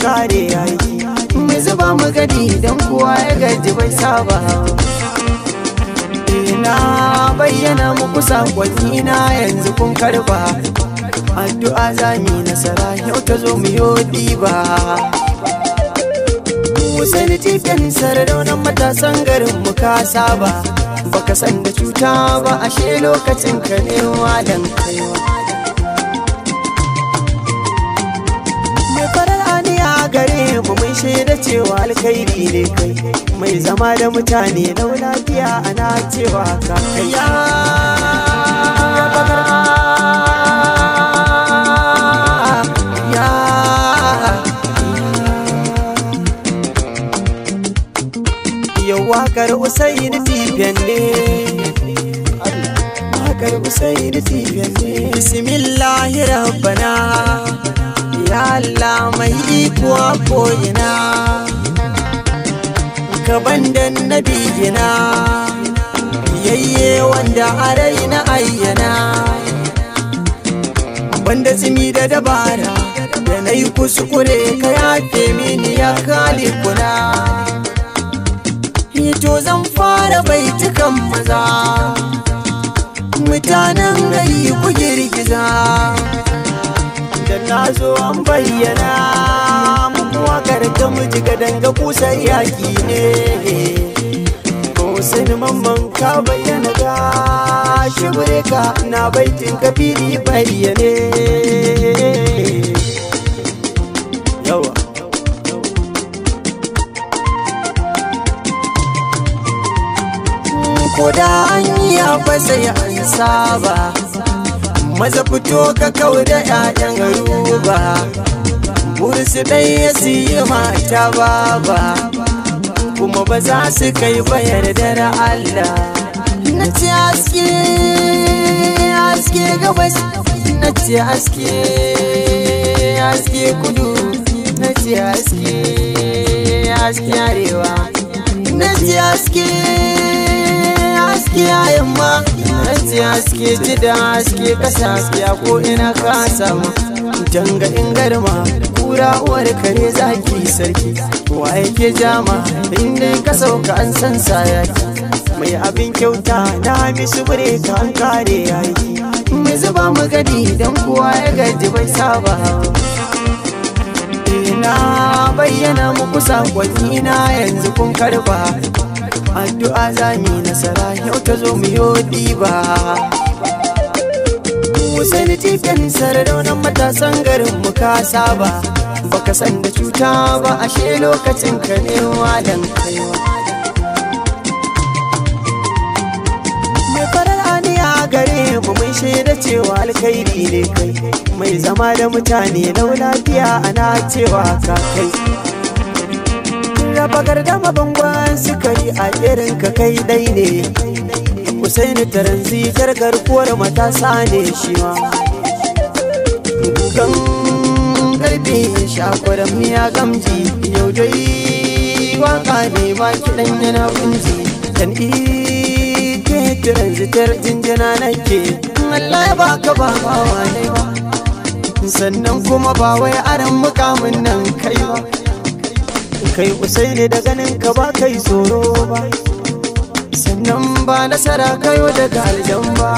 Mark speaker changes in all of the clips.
Speaker 1: kare yaki mu zuba mu gadi idan kowa ya gaji bai saba ina bayyana muku sakonni na yanzu kun karba addu'a za mu nasara yau ta zo mu yi ba sani titin sararaunan matasan garin mu ka saba baka san da cuta ba ashe lokacin ka ne dan kaiwa cewa alkhairi ne kai mai zama da mutane na lafiya ana cewa ka ya wakar Usaini Tifiyan ne wakar Usaini Tifiyan ne Bismillahirrahmanirrahim Allah mai ikuwa ko'ina ka bandan na yayye wanda a raina ayyana banda tsimi da dabara da na yi kuskure ka yafe mini ya kali kuna hito zan fara baitukan maza mutanen gari ku girgiza da na zo an bayyana muku wakar ta miji ga danga kusan yaki ne Kusan mamman ka bayyana ga shibire ka na baitin ka fili bayyane Koda anya da an yi fasa ya an saba maza fito ka kawo da 'ya'yan garuba bursu ɗai ya siye mata ba kuma ba za su kai ba yardar Allah na ce aske aske gabas na ce aske aske kudu na ce aske aske arewa na ce aske aske a zuciya haske ji da haske kasa ya ko ina ka samu janga in garma kura uwar kare zaki sarki wa yake jama inda ka sauka an san sayaki mai abin kyauta da hamisu bure ka an kare yayi mai zuba mu gadi dan kowa ya gaji bai saba ina eh, bayyana muku sakonni na yanzu kun karba addu'a za mu nasara yau ta zo mu yi ba Hussein titin sararaunan matasan garin mu ka saba baka san da cuta ba ashe lokacin ka ne wadan kaiwa mai farar aniya gare mu mun shaida cewa alkhairi ne kai mai zama da mutane na lafiya ana cewa ka kai gaba gargama bangon sukari a irin ka kai dai ne ni taranzi jargar kuwar matasa ne shi ma gan karfe shakwar miya gamji yau dai waka ne ba kiɗan yana kunji Dan ike taranzitar jinjina nake Allah ya baka ba bawa ne ba sannan kuma ba wai aran mukamin nan kai ba kai usaini da ganin ka ba kai tsoro ba sannan ba nasara kayo daga aljan ba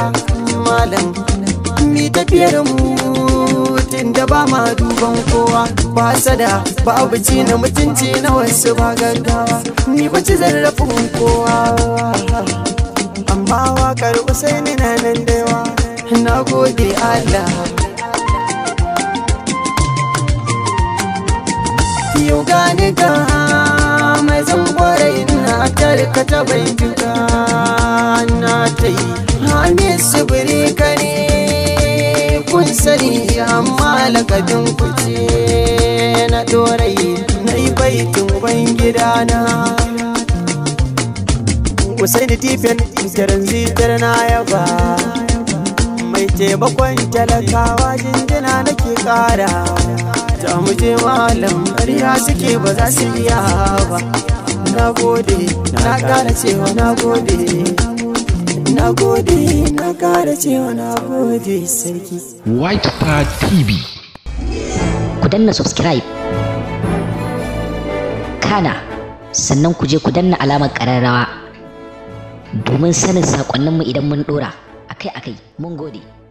Speaker 1: malam mi tafiyar mu tun da ba ma duban kowa ba sada ba abuci na mutunci na wasu ba gaggawa ni ba ci zarrafin kowa amma wakar usaini na nan da na gode allah biyu ganika mai zan na tarkata bai duka na ta yi hamisu tsibiri kare kun sani amma lakabin ce na dorai na yi baitin ban gidana Usaini da Jaran Zitar na yaba mai taimakon talakawa jinjina nake kara ta muje malam ƙarya suke ba za su iya ba na gode na kara cewa na gode na gode na kara cewa na gode sarki white star tv ku danna subscribe kana sannan ku je ku danna alamar ƙararrawa domin sanin saƙonninmu idan mun ɗora akai-akai mun gode